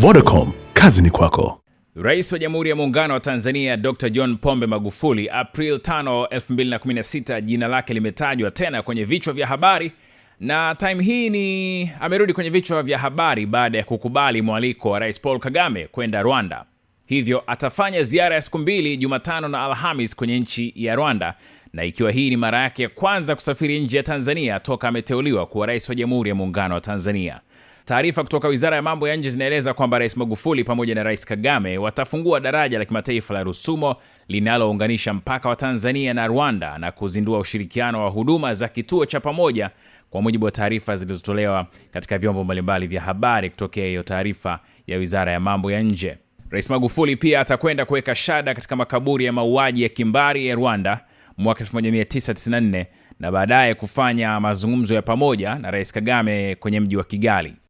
Vodacom, kazi ni kwako. Rais wa Jamhuri ya Muungano wa Tanzania Dr. John Pombe Magufuli April 5, 2016 jina lake limetajwa tena kwenye vichwa vya habari na time hii ni amerudi kwenye vichwa vya habari baada ya kukubali mwaliko wa Rais Paul Kagame kwenda Rwanda. Hivyo atafanya ziara ya siku mbili, Jumatano na Alhamis kwenye nchi ya Rwanda, na ikiwa hii ni mara yake ya kwanza kusafiri nje ya Tanzania toka ameteuliwa kuwa rais wa Jamhuri ya Muungano wa Tanzania. Taarifa kutoka Wizara ya Mambo ya Nje zinaeleza kwamba Rais Magufuli pamoja na Rais Kagame watafungua daraja la kimataifa la Rusumo linalounganisha mpaka wa Tanzania na Rwanda na kuzindua ushirikiano wa huduma za kituo cha pamoja, kwa mujibu wa taarifa zilizotolewa katika vyombo mbalimbali vya habari kutokea hiyo taarifa ya Wizara ya Mambo ya Nje. Rais Magufuli pia atakwenda kuweka shada katika makaburi ya mauaji ya kimbari ya Rwanda mwaka 1994 na baadaye kufanya mazungumzo ya pamoja na Rais Kagame kwenye mji wa Kigali.